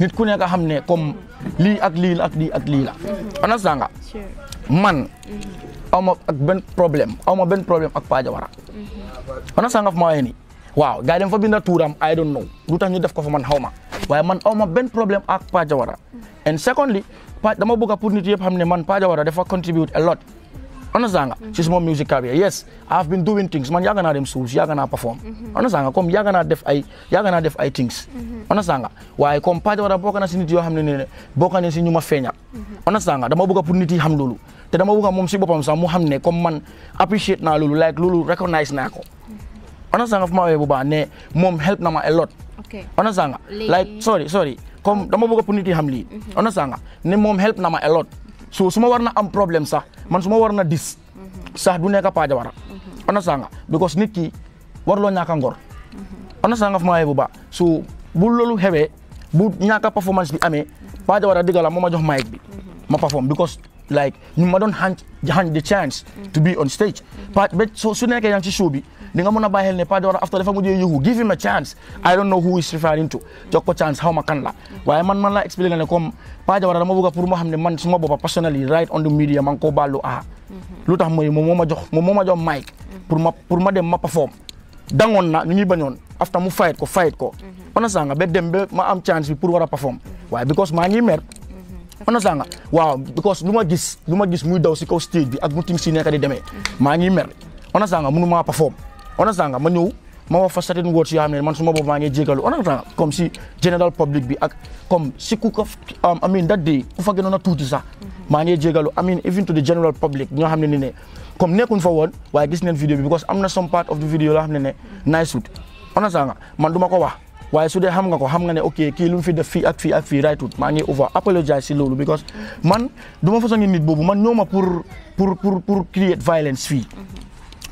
nit ku nekk xam ne comme lii ak lii la ak lii ak lii la understand nga man mm-hmm. aw ma ak benn problème aw ma benn problème ak Pa Jawara understand mm-hmm. nga fu ma waxee nii waaw gars yi dem fa binda tuuram I don't know lu tax ñu def ko fa man xaw ma waaye man aw ma benn problème ak Pa Jawara and secondly dama bëgg pour nit yëpp xam ne man Pa Jawara dafa contribute a lot understand nga ci suma music career yes I have been doing things man yàgg naa dem suuf yàgg naa perform mm-hmm. understand nga comme yàgg naa naa def ay things mm-hmm. understand nga waaye comme Pathé Warda bokk na si nit yoo xam ne ne bokk na si ñu ma feeñal understand nga dama bëgg a pour nit loolu te dama bëgg a si boppam sax mu xam ne comme man appreciate naa loolu like loolu recognize naa ko mm-hmm. understand nga fu ma waxee bu baax ne moom help na ma a lot understand nga like sorry sorry comme dama bëgg a pour nit yi xam lii understand nga ne moom ma a so suma war na am problème sax man suma war na dis sax du nekk Paa Jawara understand nga because nit ki warloo ñàkk a ngor understand nga fu ma bu baax so bu loolu xewee bu ñàkk performance bi amee Paa Jawara digala moo ma jox mic bi ma perform because like ñu ma doon hand hand the chance to be on stage pa su nekkee yaa ngi ci show nga mën a bàyyi ne Paate Wara after dafa mujjee yuhu give him a chance I don't know who is referring to jox chance xaw ma kan la waaye man man laa expliqué ne comme Paate Wara dama bëgg pour mu xam ne man suma boppa personally right on the media man koo baalu a lu tax mooy moo ma jox moom moo ma dem ma perform dangoon na ñu ñuy bañoon after mu fight ko fight ko understand mhm. nga a understand nga waaw because lu ma gis lu ma gis muy daw si kaw stage bi ak mu tim si nekk di demee maa ngi mer understand nga mënu maa perform understand nga ma ñëw ma wax fa certain words yoo xam ne man suma ma maa ngi jégalu understand nga comme si general public bi ak comme si ku ko um, I mean that day ku fa gënoon tuuti sax maa ngi jégalu I mean even to the general public ñoo xam ne ni ne comme nekkuñ fa woon waaye gis neen vidéo bi because am na some part of the video yoo xam ne ne nice understand nga man du ko wax waaye su dee xam nga ko xam nga ne ok kii lu mu fi def fii ak fi ak fii right maa ngi over apologize si loolu because man du ma façon nit boobu man ñëw ma pour pour pour pour create violence fii.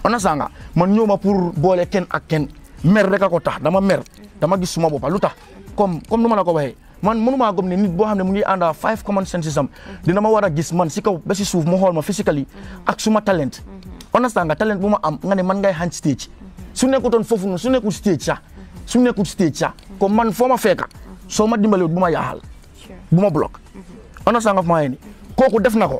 understand mm-hmm. nga man ñëw ma pour boole kenn ak kenn mer rek ko tax dama mer mm-hmm. dama gis suma boppa lu tax comme comme nu ma la ko waxee. man mënumaa gëm ne nit boo xam ne mu ngi ànda five common senses am mm-hmm. dina ma war a gis man si kaw ba si suuf mu xool ma physically ak suma talent understand nga talent bu ma am nga ne man ngay hand stage su nekkutoon foofu noonu su nekkul stage sax suñu nekkul stage sax ah. mm-hmm. comme man foo ma fekka mm-hmm. soo ma dimbalewut bu ma yaaxal bu ma bloqué understand ma maa ni mm-hmm. kooku def na ko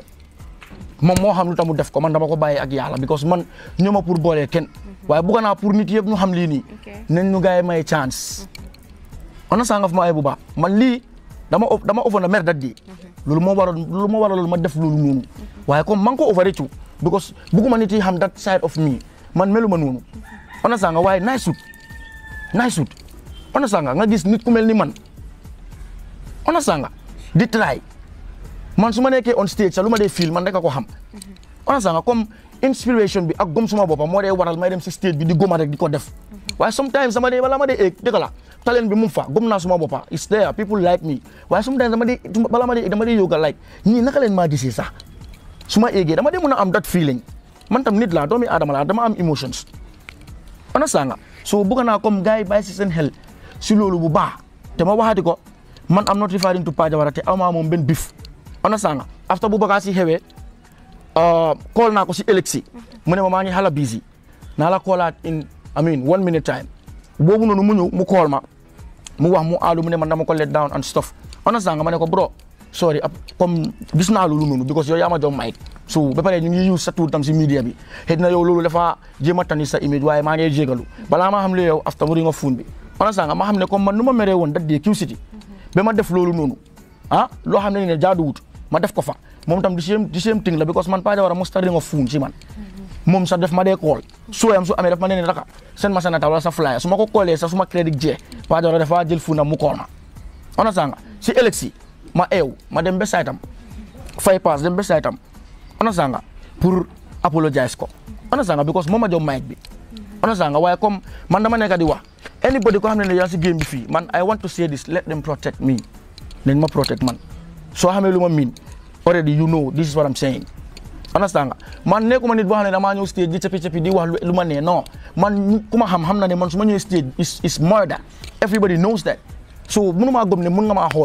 moom moo xam lu tamu def ko man dama ko bàyyi ak yàlla because man ñooma pour boolee kenn waaye bëgg naa pour nit yëpp ñu xam lii nii nañ ñu gars ma may chance understand nga maa bu baax man lii dama dama ofana mer dat di loolu moo waroon loolu moo waroon ma def loolu noonu waaye comme man ko overreach because bëgguma nit yi xam that side of me man melu ma noonu understand nga waaye nice wut honest nga nga gis nit ku mel ni man honest nga di try man su ma nekkee on stage sax lu ma dee fiil man rek a ko xam mhm. honest nga comme inspiration bi ak gom suma boppam moo dee waral may dem si stage bi di goma rek di ko def mhm. waaye sometimes dama dee balaa ma dee eeg dëgg la talent bi mu fa gom naa suma boppa is there people like me waaye sometimes dama dee balaa ma dee dama dee yoga like ñii naka leen maa gisee sax su ma eegee dama dee mën a am that feeling man tam nit laa doomi aadama dama am emotions honest nga so bëgg naa comme gars yi bàyyi si seen xel si loolu bu baa te ma waxati ko man am not referring to Pa Jawara te amaa moom benn bif understand nga after bu bagaas yi xewee uh, call naa ko si élection mu ne ma maa ngi xala busy naa la koolaat in I mean one minute time boobu noonu mu ñëw mu call ma mu wax mu aalu mu ne man dama ko let down and stuff understand nga ma ne ko bro sorry comme gis naa lu noonu because yow ma jox mic so ba pare ñu ngi use sa tur tam si media bi xëy na yow loolu dafa jéem a tani sa image waaye maa ngi jégalu balaa maa xam ne yow after mu ring of bi onasa nga ma xam ne comme man nu ma meree woon dat dee Q City ba ma def loolu noonu ah, loo xam ne ne jaaduwut ma def ko fa moom tam di same di same thing la because man pas de war a of phone si man moom sax def ma dee kool su yam su amee daf ma ne ne raka seen ma sanata wala sa flyer su ma ko koolee sax su ma crédit jee pas de war a dafa jël fuuna mu kool ma si ma eew ma dem ba saytam fay pass dem ba saytam understand nga pour apologize ko understand nga because moo ma jox mic bi understand nga waaye comme man dama nekk di wax anybody ko xam ne ne yaa si game bi fii man I want to say this let them protect me nañ ma protect man soo xamee lu ma miin already you know this is what I'm saying understand nga man nekkuma nit boo xam ne damaa ñëw stage di capi capi di wax lu ma nee man ku ma xam na ne man su ma ñëwee stage is is murder everybody knows that so mënu maa gëm ne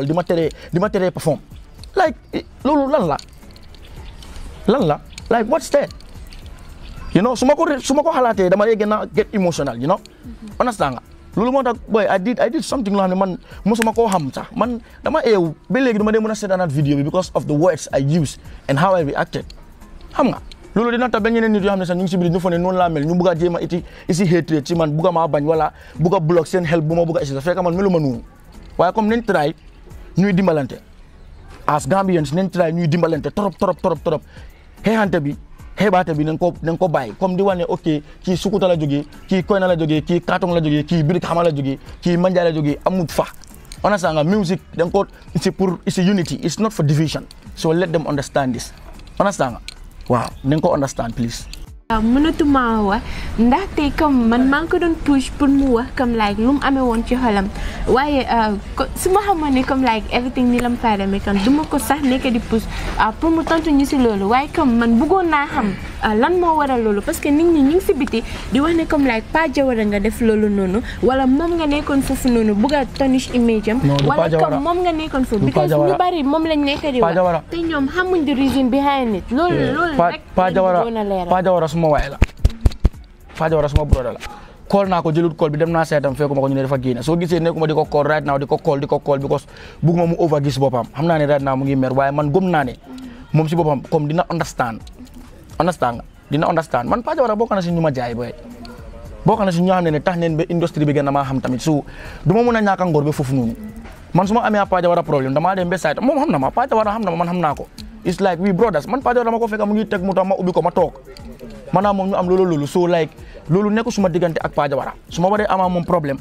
di ma teree di ma teree perform like loolu lan lan la like what's that you know su ma ko su ma ko xalaatee dama gën a get emotional you know mm-hmm. understand nga loolu moo tax boy I did I did something loo xam ne man koo xam sax man dama eew ba léegi dama dee mën a seetaanaat vidéo bi because of the words I used and how xam nga loolu dina tax ba ñeneen nit yoo xam ne sax ñu ngi si biir ñu fa ne noonu laa mel ñu bugg a jéem a iti isi hatred ci man bugg a maa bañ wala bugg a block seen xel bu ma bugg a essayer fekk man melu ma noonu waaye comme nañ try ñuy dimbalante as Gambians nañ try ñuy dimbalante trop trop trop trop xeexante bi xeebaate bi nañ ko nañ ko bàyyi comme di wane ok kii Sukuta la jógee kii Koyna la jógee kii Katong la jógee kii Birik Hama la jógee kii Manjaa la jógee amut fa on a sanga music dañ ko c'est pour it's unity it's not for division so let them understand this on a waaw nañ ko understand please waaw mënatuma wax ndaxte comme man maa ngi ko doon push pour mu wax comme like lu mu amee woon ci xolam waaye euh, su ma xamoon ne comme like everything ni la mu fay demee kan du ma ko sax nekk di push pour mu tontu ñu si loolu waaye comme man bëggoon naa xam euh, lan moo waral loolu parce nit ñi ñu si biti di wax ne comme like Pa Jawara nga def loolu noonu wala moom nga nekkoon foofu noonu bëgg a image am wala comme moom nga nekkoon foofu because ñu bari moom lañ a suma waay la Fadiawara suma broda la kool naa ko jëlut kool bi dem naa seetam fekkuma ko ñu ne dafa génn soo gisee nekkuma di ko kool right now di ko kool di ko kool because bugguma mu over gis boppam xam naa ne right now mu ngi mer waaye man gëm naa ne moom si boppam dina understand understand dina understand man Fadiawara na si ñu ma jaay booy bokk na si ñoo a ma mun a ñàkk a ngor ba foofu ma amee Fadiawara problème damaa na ma Fadiawara ma man xam naa ko it's like we ma ubbi ko ma maanaam moom ñu am loolu loolu soo like loolu nekk suma diggante ak Pa Jawara su ma waree amaa moom problème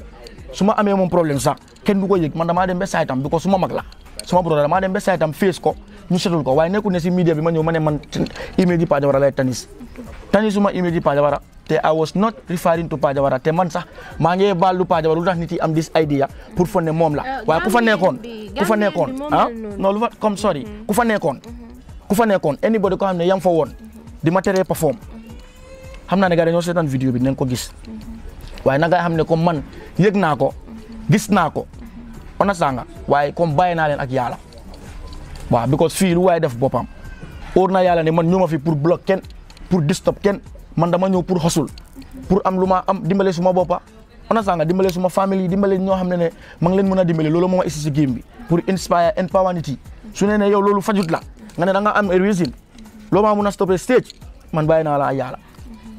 su ma amee moom problème sax kenn du ko yëg man maa dem ba saytam bi ko su ma mag la suma broda damaa dem ba saytam fees ko ñu setul ko waaye nekkul ne si media bi ma ñëw ma ne man email yi Pa Jawara lay tanis tanis suma email yi Pa te I was not referring to Pa Jawara te man sax maa ngi baalu Pa Jawara lu tax nit yi am this pour fa ne moom la eh, waaye ku fa nekkoon ku fa nekkoon ah non lu fa ku fa nekkoon ku fa nekkoon anybody ko xam ne yam fa woon di ma teree xam naa ne gars dañoo seetaan vidéo bi dinañ ko gis waaye na xam ne comme man yëg naa ko gis naa ko on a waaye comme bàyyi naa leen ak yàlla waaw because fii lu waaye def boppam óor na yàlla ne man ñëw ma fi pour bloquer kenn pour disturb kenn man ma ñëw pour xosul pour am lu ma am dimbale suma boppa on a sanga dimbale suma famille dimbale ñoo xam ne ne ma ngi leen mën a dimbale loolu moo ma issi si game bi pour inspire empower nit yi su ne ne yow loolu fajut la nga ne da nga am reason loo maa mun a stoppé stage man bàyyi naa la ak yàlla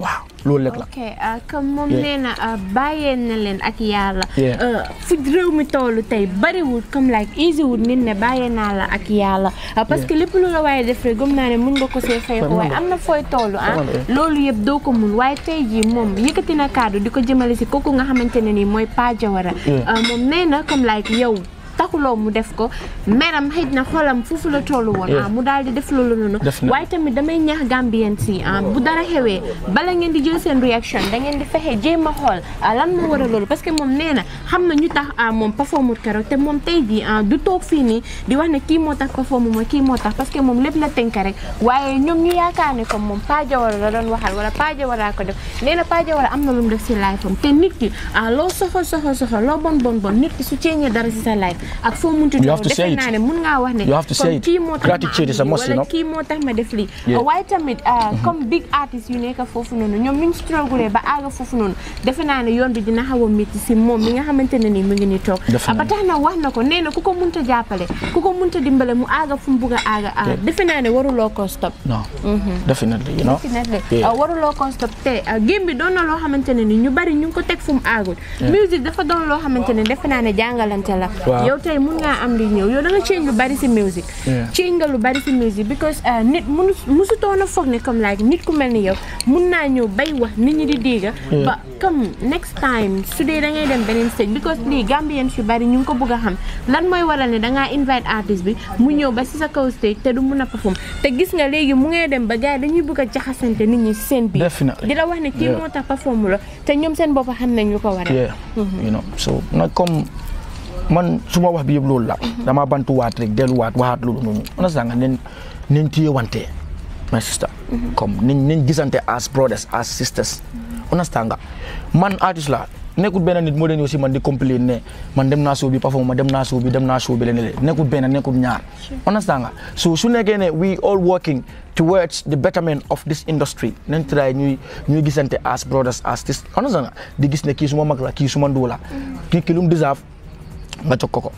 waaw loolu rek la. ok euh, comme moom nee na euh, bàyyee na leen ak yàlla. Euh, fu réew mi toll tey bariwul comme like easy wul nit ne bàyyee naa la ak yàlla. parce que lépp lu la waaye def rek gëm naa ne mun nga ko see fay ko waaye am na fooy toll ah. loolu yëpp doo ko mun waaye tey jii moom yëkkati na kàddu di ko jëmale si kooku nga xamante ne nii mooy Pa Jawara. moom nee na comme like yow. loo mu def ko meram xëj na xolam foofu la tollu woon ah, mu daal di def loolu noonu waaye tamit damay ñaax Gambien si ah oh. bu dara xewee bala ngeen di jël seen réaction da ngeen di fexe jéem a xool ah, lan moo war a loolu parce que moom nee na xam na ñu tax ah, moom performul keroog te moom tey jii fii nii di wax ne moo tax performu ma kii moo tax parce que moom lépp la tënk rek waaye ñoom ñu yaakaar ne comme doon waxal wala Pa Jawara ko def nee na am na lu mu def si life am te nit ki loo soxal soxal soxal loo bon bon bon nit ki su ceeñee dara si sa life ak foo munti toll defe naa ne mun ngaa wax ne comme kii moo tax ma def lii waaye tamit ah, mm-hmm. comme big artist yu nekk foofu noonu ñoom ñu struggle ba àgg foofu noonu defe naa ne yoon bi dina a métti si moom mi nga xamante ne mu ngi ni toog ba tax na wax na ko nee na ku ko munta jàppale ku ko munta dimbale mu àgg fu mu bugg a àgg a ah, defe naa ne waruloo ko stop non mm-hmm. ah, te game bi doon na loo xamante ne ni ñu bari ñu ko teg fu mu àggul musique dafa doon loo naa ne jàngalante la yow tey mun ngaa am li ñëw yow da nga change lu bari si musique change nga lu bari si musique because uh, nit munu musutoon a foog ne comme like nit ku mel ni yow mun naa ñëw bay wax nit ñi di dégga ba comme next time su dee da ngay dem beneen stage because lii Gambien yu bari ñu ngi ko bëgg a xam lan mooy waral ne dangaa invite artiste bi mu ñëw ba si sa kaw stage te du mun a perform te gis nga léegi mu ngay dem ba gars yi dañuy bëgg a jaxasante nit ñi seen biir di la wax ne moo tax perform la te ñoom seen bopp xam nañ ñu ko waral mm-hmm. man su ma wax bi yëpp loolu la mhm. damaa bantuwaat rek delluwaat waxaat loolu noonu on a sànq wante my sister mhm. comme nañ nañ gisante as brothers as sisters on a sànq man artiste la nekkul benn nit moo den aussi man di complain ne man dem naa show bi perform ma dem naa show bi dem naa show bi leneen leneen nekkul benn nekkul ñaar on a sànq so su nekkee ne we all working towards the betterment of this industry nañ try ñuy ñuy gisante as brothers as sisters on a di gis ne kii suma mag la kii suma nga jox ko ko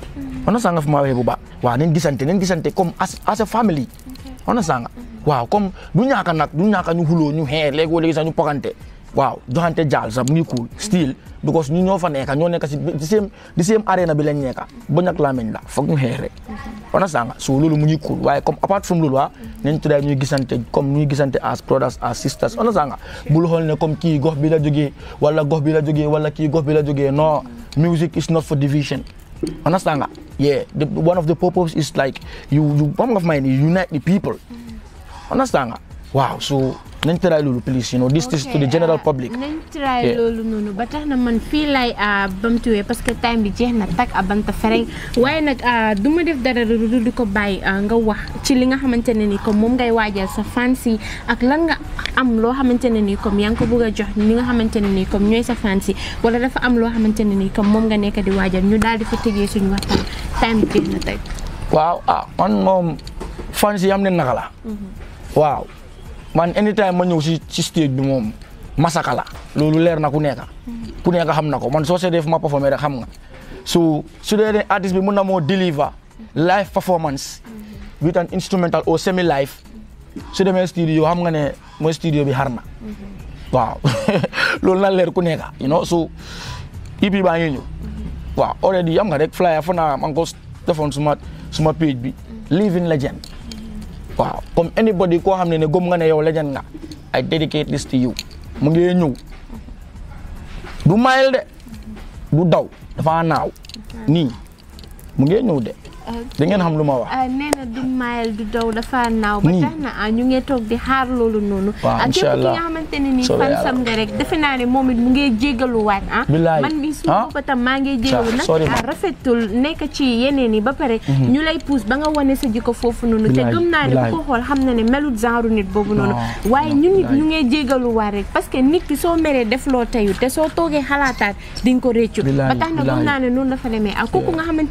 understand nga fu ma waxee bu baax waaw nañ gisante nañ comme as a family understand nga waaw comme du ñaaka nag du ñaaka ñu xuloo ñu xee léegi wala léegi sax ñu pogante waaw joxante jaal sax mu ngi cool still because ñu ñoo fa nekka ñoo nekka si di same di same arena bi lañ nekka ba ñak laameñ la foog ñu xeere understand nga so loolu mu ngi waaye comme apart from loolu waa ah, mm-hmm. nañ tuddaay ñuy gisante comme ñuy gisante as brothers as sisters understand nga bul xool ne comme kii gox bi la jógee wala gox bi la jógee wala kii gox bi la jógee non music is not for Understand that? Yeah. one of the purpose is like you come of mind, you unite the people. Understand that? Wow. nañ tëraay loolu please you know this is to the general euh, noonu ba tax na man fii lay euh, bamtuwee parce que time bi jeex na tak a banta fereng waaye nag euh, du ma def dara du di ko bàyyi nga wax ci li nga xamante ne nii comme moom ngay waajal sa fans yi ak lan nga am loo xamante ne nii comme yaa ngi ko bëgg a jox ñi nga xamante ne ni comme ñooy sa fans yi wala dafa am loo xamante ne nii comme moom nga nekk di waajal ñu daal di fa tëjee suñu waxtaan time bi jeex na teg. waaw ah man moom fans yi am ne naka la. Mhm. waaw. man anytime ma ñëw si si stage bi moom masaka la loolu leer na ku nee nekk ku nekk xam na ko man soo seetee fu ma performer xam nga su su dee artiste bi moo deliver live performance with an instrumental or semi live su demee studio xam nga ne mooy studio bi xar na waaw loolu na leer ku nekk you know so ibi e baa ngi ñëw waaw already xam nga rek flyer fo naa maa ko defoon suma suma page bi living legend waaw comme anybody koo xam ne ne gëm nga ne yow legend nga I dedicate this to you mu ngi ñëw du mayel de du daw dafa naaw nii mu ngi ñëw de da ngeen xam lu ma wax. Ah, nee na du mayel du daw dafa naaw. ba tax na ah, ñu ngi toog di xaar loolu noonu. waaw incha allah ak képp ki nga xamante ne nii fan sam nga rek defe naa ne moom mu ngi jégaluwaat ah. bilaay man mi suñu ah. bopp maa ngi jégalu nag ah rafetul nekk ci yeneen yi ba pare. Mhm. ñu lay pousse ba nga wane sa jikko foofu noonu. te gëm naa ne bu ko xam na ne melut genre nit boobu noonu. waaye ñu nit ñu ngi jégaluwaat que nit ki soo meree def loo teyut te soo toogee xalaataat di nga ko réccu. ba tax na gëm naa ne noonu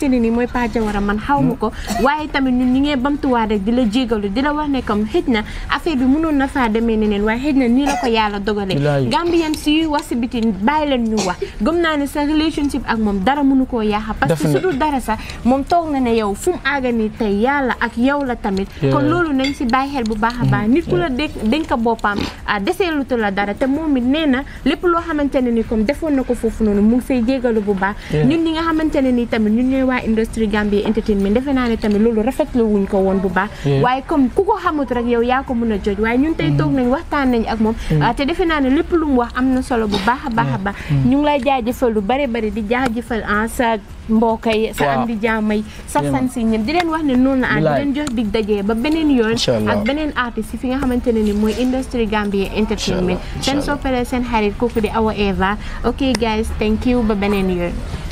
ne nii mooy Pa Jawara man xaw ma ko waaye tamit ñun ñi ngee bamtuwaat di la jégalu di la wax ne comme xëj na affaire bi mënoon na faa demee neneen waaye xëj na nii la ko yàlla dogalee Gambien si wax si biti bàyyi leen ñu wax gëm naa ne sa relationship ak moom dara mënu koo yaaxa parce que su dul dara sax moom toog na ne yow fu mu aaga ni tey yàlla ak yow la tamit kon loolu nañ si bàyyi xel bu baax a baax mm. nit ku la dénk boppam ah, deseelutu la dara te moom it nee na lépp loo xamante ne ni comme defoon na ko foofu noonu mu ngi say jégalu bu baax ñun ñi nga xamante ne ni Tine mi defe naa ne tamit loolu rafetlu wuñ ko woon bu baax waaye comme ku ko xamut rek yow yaa ko mën a joj waaye ñun tey mm. toog nañ waxtaan nañ ak moom mm. ah, te defe naa ne lépp lu mu wax am na solo bu baax a baax a mm. baax ñu ngi lay jaajëfal lu bari bari di jaajëfal en ah, sa mbokk yi sa am di jaamay sa fan si ñëpp di leen wax ne noonu la ah, di leen jox ba beneen yoon ak beneen artiste yi fi nga xamante ne ni mooy industrie Gambia entertainment seen soppale seen xarit kooku di Awa Eva ok guys thank you ba beneen yoon